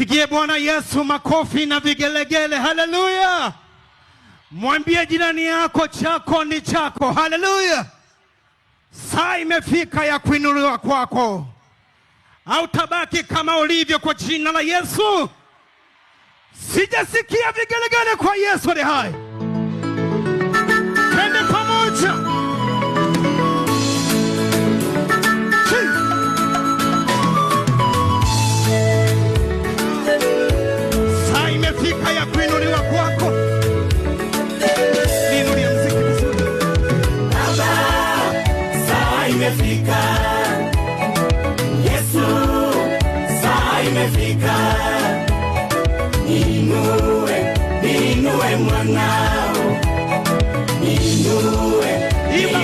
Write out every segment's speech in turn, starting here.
Pigie Bwana Yesu makofi na vigelegele. Haleluya! Mwambie jirani yako, chako ni chako. Haleluya! Saa imefika ya kuinuliwa kwako, au tabaki kama ulivyo kwa jina la Yesu. Sijasikia vigelegele kwa Yesu ali hai. niinue, niinue mwanao, niinue, iba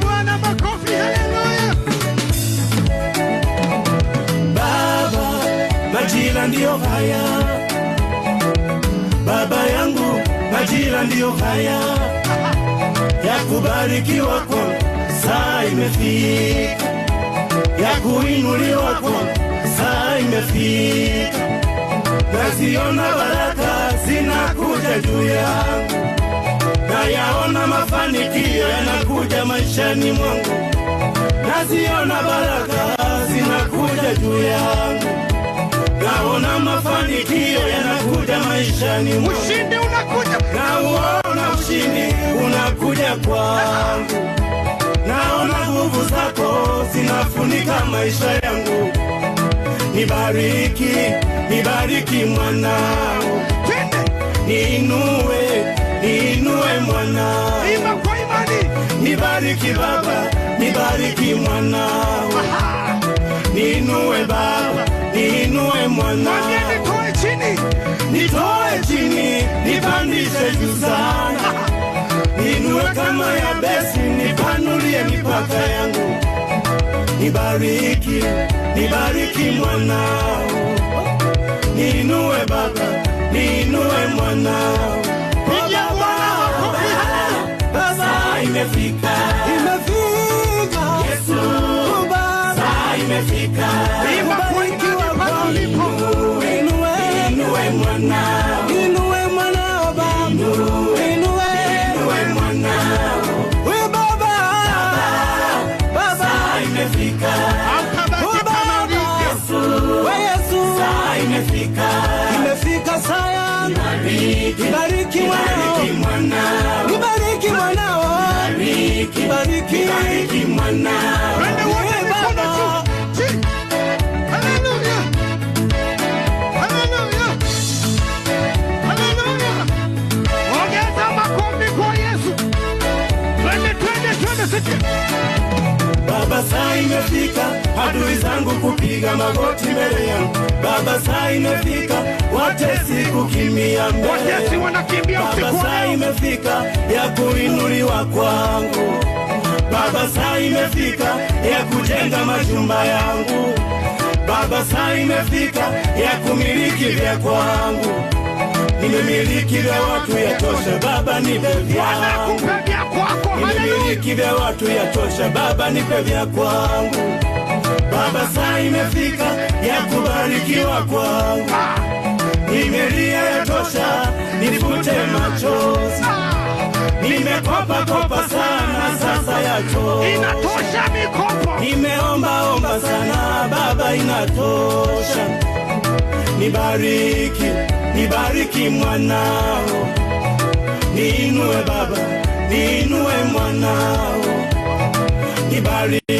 Bwana makofi, haleluya. Baba, haya, baba yangu, majira ndiyo haya ya kubarikiwa kwa saa imefika ya kuinuliwa kwangu saa imefika, naziona baraka zinakuja juu yangu, nayaona mafanikio yanakuja maishani mwangu, naziona baraka zinakuja juu yangu naona mafanikio yanakuja maishani mwangu, ushindi unakuja, naona ushindi unakuja kwangu nguvu zako zinafunika maisha yangu. Nibariki, nibariki mwanao, niinue, niinue mwanao, nibariki Baba, nibariki mwanao, niinue Baba, niinue mwanao, nitoe chini, nipandishe juu sana niwe kama besi nipanulie mipaka yangu, nibariki, nibariki mwanao, niinue Baba, niinue mwanao, oh, oh, Baba, Baba, imefika imefika, imefika saa ibariki mwanao, ibariki mwanao, ibariki mwanao napiga magoti mbele yangu Baba, saa imefika, watesi kukimbia mbele, Baba, saa imefika ya kuinuliwa kwangu. Baba, saa imefika ya kujenga majumba yangu. Baba, saa imefika ya kumiliki vya kwangu. Nimemiliki vya watu ya tosha Baba, nipe vyangu. Nimemiliki vya watu ya tosha Baba, nipe vya kwangu. Baba, saa imefika ya kubarikiwa kwangu, ya tosha, nifute machozi, nimekopa kopa sana, sasa yatosha, inatosha mikopo, nimeomba omba sana, Baba inatosha, nibariki, nibariki mwanao, niinue Baba, niinue mwanao, nibariki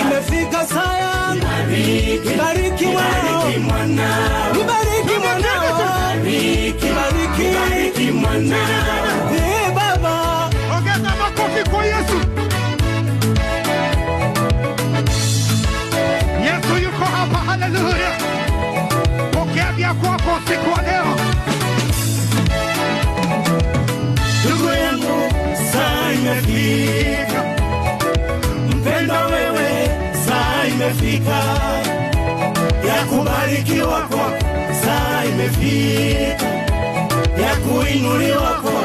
imefika saa yangu, ibariki mwanao, ibariki mwanao, ibariki mwanao, ee Baba, ongeza makofi kwa Yesu. Yesu yuko hapa, haleluya! Pokea vya kwako siku imefika ya kubarikiwa kwa saa imefika ya kuinuliwa kwa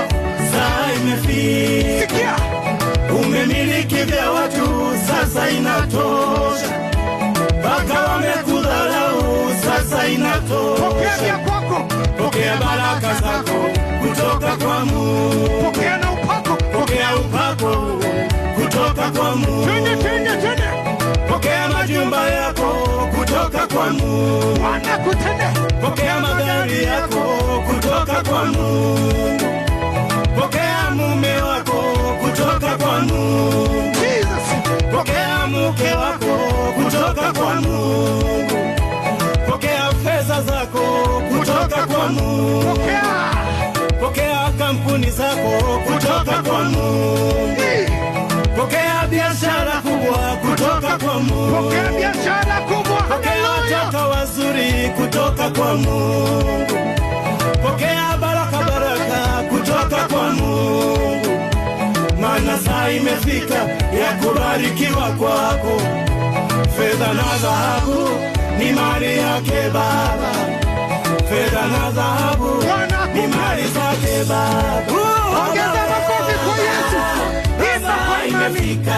saa imefika umemiliki vya watu sasa inatosha mpaka wamekudharau sasa inatosha pokea baraka zako kutoka kwa Mungu kwa magari yako kutoka mume wako kutoka kwa Mungu, mke wako kutoka kwa pokea kampuni zako kutoka kwa Mungu, pokea biashara kubwa kutoka kwa Mungu, pokea biashara kutoka kwa Mungu. Pokea baraka, baraka kutoka kwa Mungu, maana saa imefika ya kubarikiwa kwako. Fedha na dhahabu ni mali yake Baba, fedha na dhahabu ni mali zake Baba. Ongeza makofi kwa Yesu. Imefika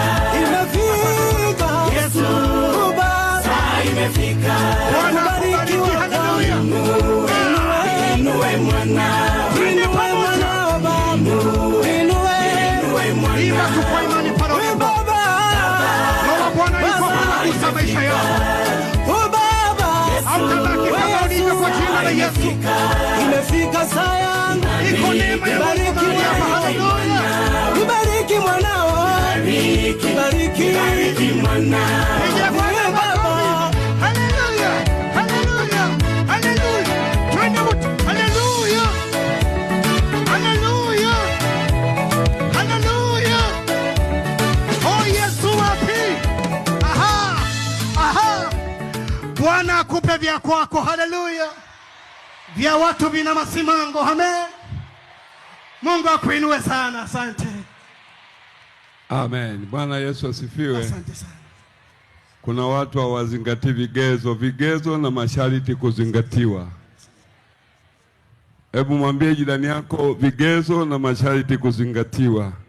kwa imani pale ulipo. Naomba Bwana yuko anagusa maisha yako. Hautabaki kama ulivyo kwa jina la Yesu. Imefika saa yangu. Iko neema ya Mungu. Haleluya. Usipe vya kwako, haleluya. Vya watu vina masimango, amen. Mungu akuinue sana, asante. Amen. Bwana Yesu asifiwe. Asante sana. Kuna watu hawazingatii vigezo, vigezo na masharti kuzingatiwa. Hebu mwambie jirani yako, vigezo na masharti kuzingatiwa.